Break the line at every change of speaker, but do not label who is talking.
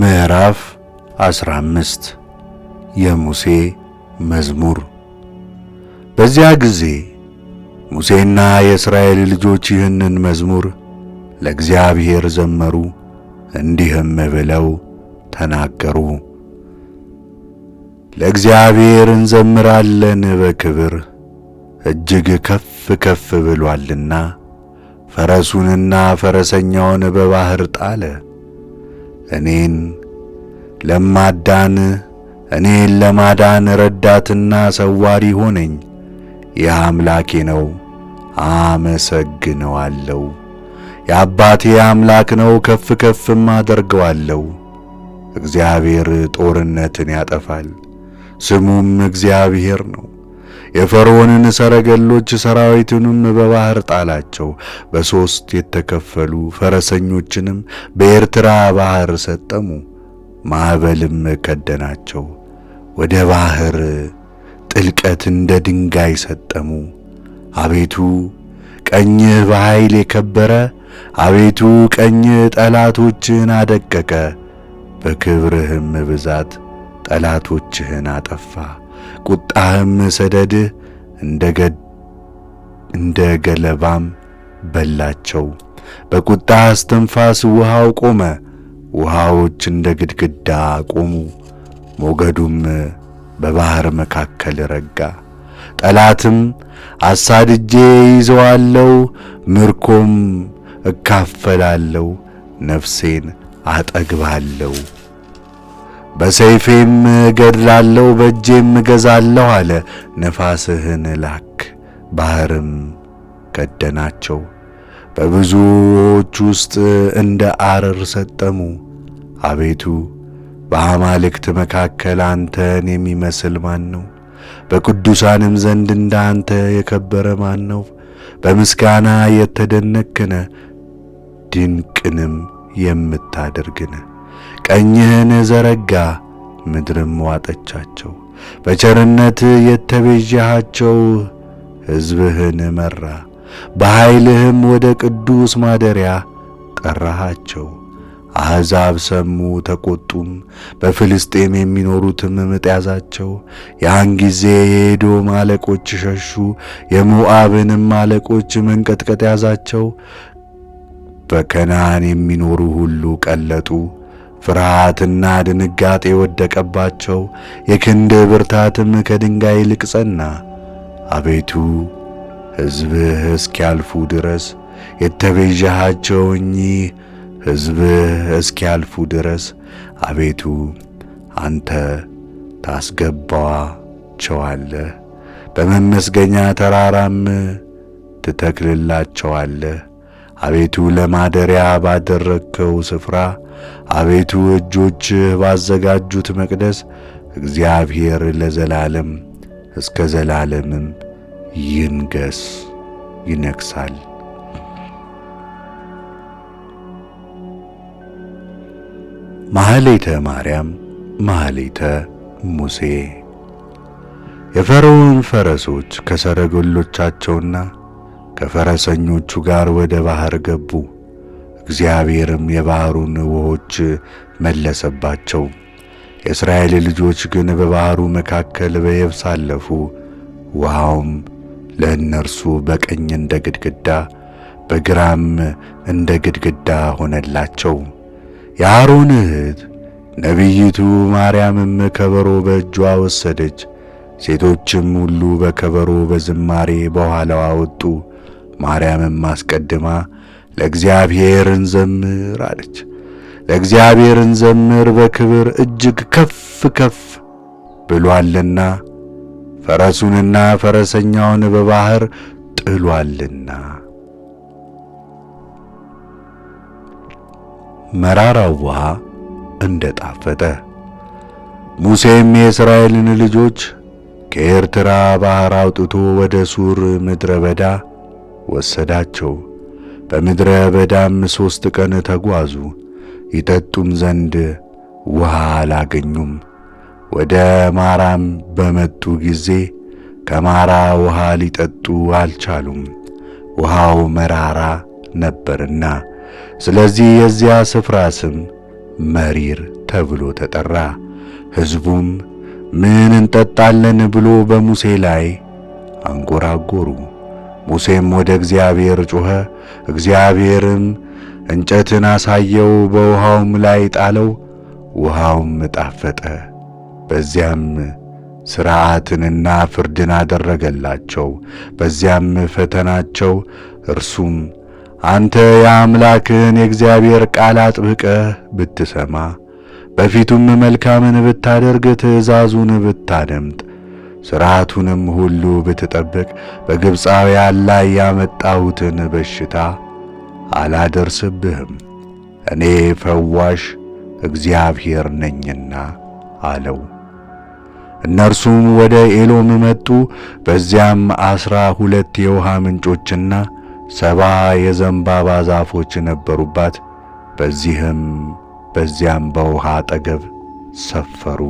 ምዕራፍ 15 የሙሴ መዝሙር። በዚያ ጊዜ ሙሴና የእስራኤል ልጆች ይህንን መዝሙር ለእግዚአብሔር ዘመሩ፣ እንዲህም ብለው ተናገሩ። ለእግዚአብሔር እንዘምራለን በክብር እጅግ ከፍ ከፍ ብሏልና፣ ፈረሱንና ፈረሰኛውን በባህር ጣለ እኔን ለማዳን እኔን ለማዳን ረዳትና ሰዋሪ ሆነኝ። ይህ አምላኬ ነው፣ አመሰግነዋለሁ። የአባቴ አምላክ ነው፣ ከፍ ከፍም አደርገዋለሁ። እግዚአብሔር ጦርነትን ያጠፋል፣ ስሙም እግዚአብሔር ነው። የፈርዖንን ሰረገሎች ሰራዊቱንም በባህር ጣላቸው። በሦስት የተከፈሉ ፈረሰኞችንም በኤርትራ ባህር ሰጠሙ፣ ማዕበልም ከደናቸው። ወደ ባህር ጥልቀት እንደ ድንጋይ ሰጠሙ። አቤቱ ቀኝህ በኃይል የከበረ አቤቱ ቀኝህ ጠላቶችህን አደቀቀ፣ በክብርህም ብዛት ጠላቶችህን አጠፋ፣ ቁጣህም ሰደድህ እንደ ገለባም በላቸው። በቁጣ አስተንፋስ ውሃው ቆመ፣ ውሃዎች እንደ ግድግዳ ቆሙ፣ ሞገዱም በባህር መካከል ረጋ። ጠላትም አሳድጄ ይዘዋለው፣ ምርኮም እካፈላለው፣ ነፍሴን አጠግባለሁ በሰይፌም እገድላለሁ፣ በእጄም እገዛለሁ አለ። ነፋስህን ላክ፣ ባሕርም ከደናቸው፣ በብዙዎች ውስጥ እንደ አረር ሰጠሙ። አቤቱ በአማልክት መካከል አንተን የሚመስል ማን ነው? በቅዱሳንም ዘንድ እንደ አንተ የከበረ ማን ነው? በምስጋና የተደነክነ ድንቅንም የምታደርግነ ቀኝህን ዘረጋ፣ ምድርም ዋጠቻቸው። በቸርነት የተቤዠሃቸው ሕዝብህን መራ፣ በኃይልህም ወደ ቅዱስ ማደሪያ ጠራሃቸው። አሕዛብ ሰሙ ተቈጡም፣ በፍልስጤም የሚኖሩትም ምጥ ያዛቸው። ያን ጊዜ የኤዶም አለቆች ሸሹ፣ የሞዓብንም አለቆች መንቀጥቀጥ ያዛቸው። በከናን የሚኖሩ ሁሉ ቀለጡ። ፍርሃትና ድንጋጤ ወደቀባቸው፣ የክንድ ብርታትም ከድንጋይ ይልቅ ጸና። አቤቱ ሕዝብህ እስኪያልፉ ድረስ የተቤዣሃቸው እኚህ ሕዝብህ እስኪያልፉ ድረስ አቤቱ አንተ ታስገባቸዋለህ፣ በመመስገኛ ተራራም ትተክልላቸዋለህ። አቤቱ ለማደሪያ ባደረግከው ስፍራ አቤቱ እጆችህ ባዘጋጁት መቅደስ እግዚአብሔር ለዘላለም እስከ ዘላለምም ይንገስ ይነግሳል። ማህሌተ ማርያም ማህሌተ ሙሴ የፈርዖን ፈረሶች ከሰረገሎቻቸውና ከፈረሰኞቹ ጋር ወደ ባህር ገቡ። እግዚአብሔርም የባሕሩን ውሆች መለሰባቸው። የእስራኤል ልጆች ግን በባሕሩ መካከል በየብስ አለፉ። ውሃውም ለእነርሱ በቀኝ እንደ ግድግዳ በግራም እንደ ግድግዳ ሆነላቸው። የአሮን እህት ነቢይቱ ማርያምም ከበሮ በእጇ ወሰደች። ሴቶችም ሁሉ በከበሮ በዝማሬ በኋላዋ ወጡ። ማርያምም አስቀድማ ለእግዚአብሔር እንዘምር አለች። ለእግዚአብሔር እንዘምር በክብር እጅግ ከፍ ከፍ ብሏልና ፈረሱንና ፈረሰኛውን በባህር ጥሏልና። መራራው ውሃ እንደ ጣፈጠ ሙሴም የእስራኤልን ልጆች ከኤርትራ ባህር አውጥቶ ወደ ሱር ምድረ በዳ ወሰዳቸው። በምድረ በዳም ሦስት ቀን ተጓዙ። ይጠጡም ዘንድ ውሃ አላገኙም። ወደ ማራም በመጡ ጊዜ ከማራ ውሃ ሊጠጡ አልቻሉም፣ ውሃው መራራ ነበርና። ስለዚህ የዚያ ስፍራ ስም መሪር ተብሎ ተጠራ። ሕዝቡም ምን እንጠጣለን ብሎ በሙሴ ላይ አንጎራጎሩ። ሙሴም ወደ እግዚአብሔር ጮኸ። እግዚአብሔርም እንጨትን አሳየው፣ በውሃውም ላይ ጣለው፣ ውሃውም ጣፈጠ። በዚያም ሥርዓትንና ፍርድን አደረገላቸው፣ በዚያም ፈተናቸው። እርሱም አንተ የአምላክህን የእግዚአብሔር ቃል አጥብቀህ ብትሰማ፣ በፊቱም መልካምን ብታደርግ፣ ትእዛዙን ብታደምጥ ሥርዓቱንም ሁሉ ብትጠብቅ በግብፃውያን ላይ ያመጣሁትን በሽታ አላደርስብህም፣ እኔ ፈዋሽ እግዚአብሔር ነኝና አለው። እነርሱም ወደ ኤሎም መጡ። በዚያም ዐሥራ ሁለት የውሃ ምንጮችና ሰባ የዘንባባ ዛፎች ነበሩባት። በዚህም በዚያም በውሃ አጠገብ ሰፈሩ።